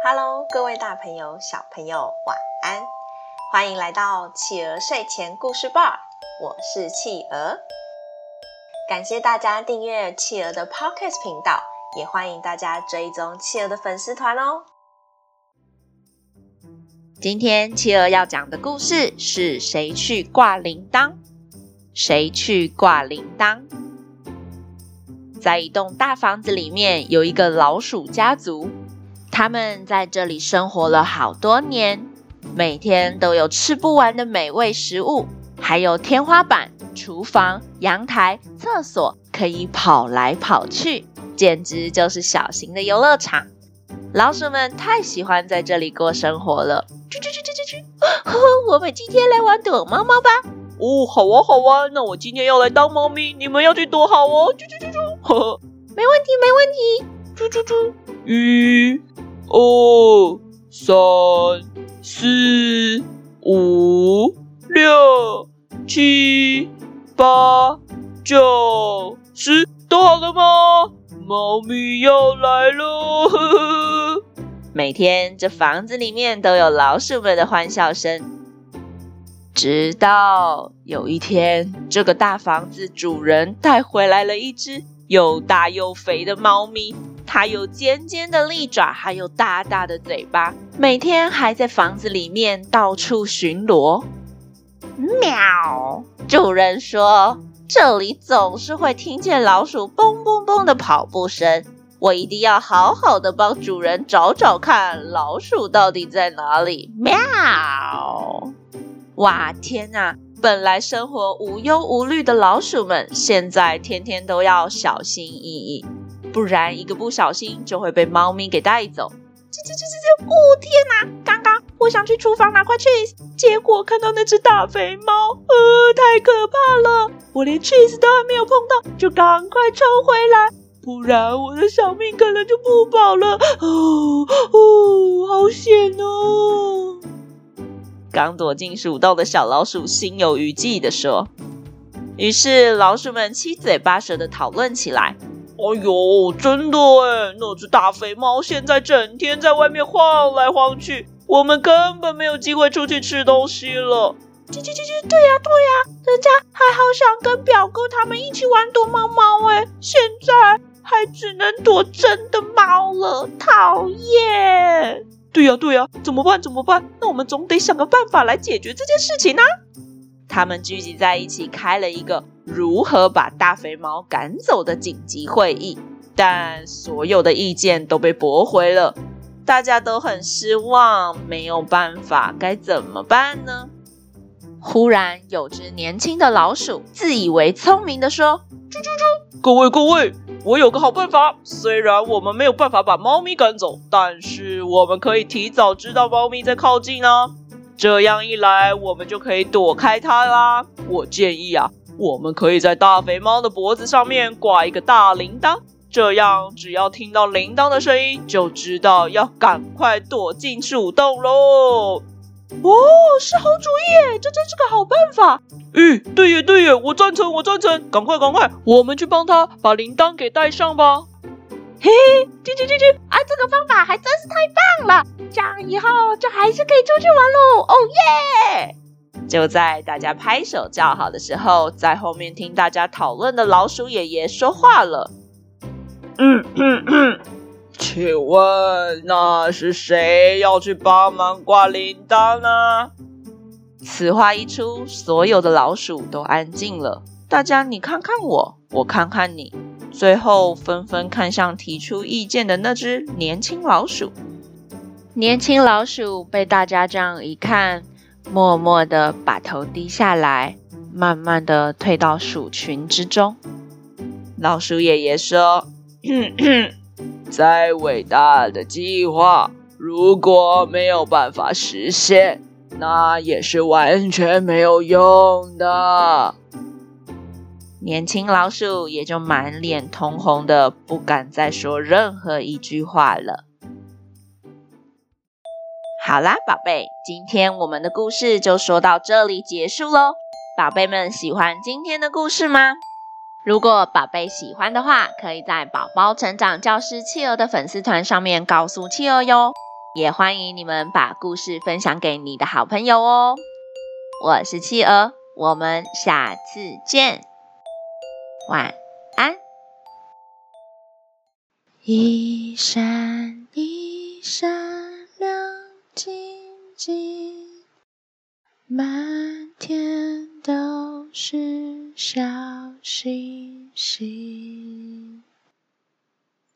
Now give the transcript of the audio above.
Hello，各位大朋友、小朋友，晚安！歡迎來到企鵝睡前故事吧，我是企鵝。感謝大家訂閱企鵝的 Podcast 頻道，也歡迎大家追蹤企鵝的粉絲團哦。今天企鵝要講的故事是誰去掛鈴鐺？誰去掛鈴鐺？在一棟大房子裡面，有一個老鼠家族。他們在這裡生活了好多年，每天都有吃不完的美味食物，還有天花板、廚房、陽台、廁所可以跑來跑去，簡直就是小型的遊樂場。老鼠們太喜歡在這裡過生活了。去去去去去去！呵呵，我們今天來玩躲貓貓吧。哦，好啊，好啊。那我今天要來當貓咪，你們要去躲好哦。去去去去！呵呵。沒問題沒問題。去去去。咻咻咻呃二三四五六七八九十，躲好了嗎？貓咪要來咯。 每天這房子裡面都有老鼠們的歡笑聲，直到有一天，這個大房子主人帶回來了一隻。又大又肥的貓咪，它有尖尖的利爪，還有大大的嘴巴，每天還在房子裡面到處巡邏。喵！主人說這裡總是會聽見老鼠“嘣嘣嘣”的跑步聲，我一定要好好的幫主人找找看老鼠到底在哪裡。喵！哇，天哪！本來生活無憂無慮的老鼠們，現在天天都要小心翼翼，不然一個不小心就會被貓咪給帶走。吱吱吱吱吱！嗚，天哪！剛剛我想去廚房拿塊 cheese，結果看到那隻大肥貓，呃，太可怕了！我連 cheese 都還沒有碰到，就趕快衝回來，不然我的小命可能就不保了。哦哦，好險哦！剛躲進鼠洞的小老鼠心有餘悸地說：“於是老鼠們七嘴八舌地討論起來。哎呦，真的哎！那只大肥貓現在整天在外面晃來晃去，我們根本沒有機會出去吃東西了。嘰嘰嘰嘰，對呀對呀，人家還好想跟表哥他們一起玩躲貓貓哎，現在還只能躲真的貓了，討厭！”對呀、啊、對呀、啊，怎麼辦怎麼辦？那我們總得想個辦法來解決這件事情呢、啊。他們聚集在一起開了一個如何把大肥貓趕走的緊急會議，但所有的意見都被駁回了，大家都很失望。沒有辦法，該怎麼辦呢？忽然，有隻年輕的老鼠自以為聰明地說：“豬豬豬，各位各位。各位”我有個好辦法，雖然我們沒有辦法把貓咪趕走，但是我們可以提早知道貓咪在靠近啊。這樣一來，我們就可以躲開它啦。我建議啊，我們可以在大肥貓的脖子上面掛一個大鈴鐺，這樣只要聽到鈴鐺的聲音，就知道要趕快躲進樹洞嘍。哦，是好主意，這真是個好辦法。嗯，對耶對耶，我贊成我贊成！趕快趕快，我們去幫他把鈴鐺給帶上吧。嘿，嘿，進去進去！啊，這個方法還真是太棒了，這樣以後就還是可以出去玩嘍。哦耶！就在大家拍手叫好的時候，在後面聽大家討論的老鼠爺爺說話了。嗯嗯嗯。嗯嗯請問，那是誰要去幫忙掛鈴鐺呢、啊？此話一出，所有的老鼠都安靜了。大家，你看看我，我看看你，最後紛紛看向提出意見的那只年輕老鼠。年輕老鼠被大家這樣一看，默默的把頭低下來，慢慢的退到鼠群之中。老鼠爺爺說。哼哼再偉大的計劃，如果沒有辦法實現，那也是完全沒有用的。年輕老鼠也就滿臉通紅的，不敢再說任何一句話了。好啦，寶貝，今天我們的故事就說到這裡結束嘍。寶貝們，喜歡今天的故事嗎？如果寶貝喜歡的話，可以在寶寶成長教室企鵝的粉絲團上面告訴企鵝喲。也歡迎你們把故事分享給你的好朋友哦。我是企鵝，我們下次見，晚安。一閃一閃亮晶晶，滿天都是小星星。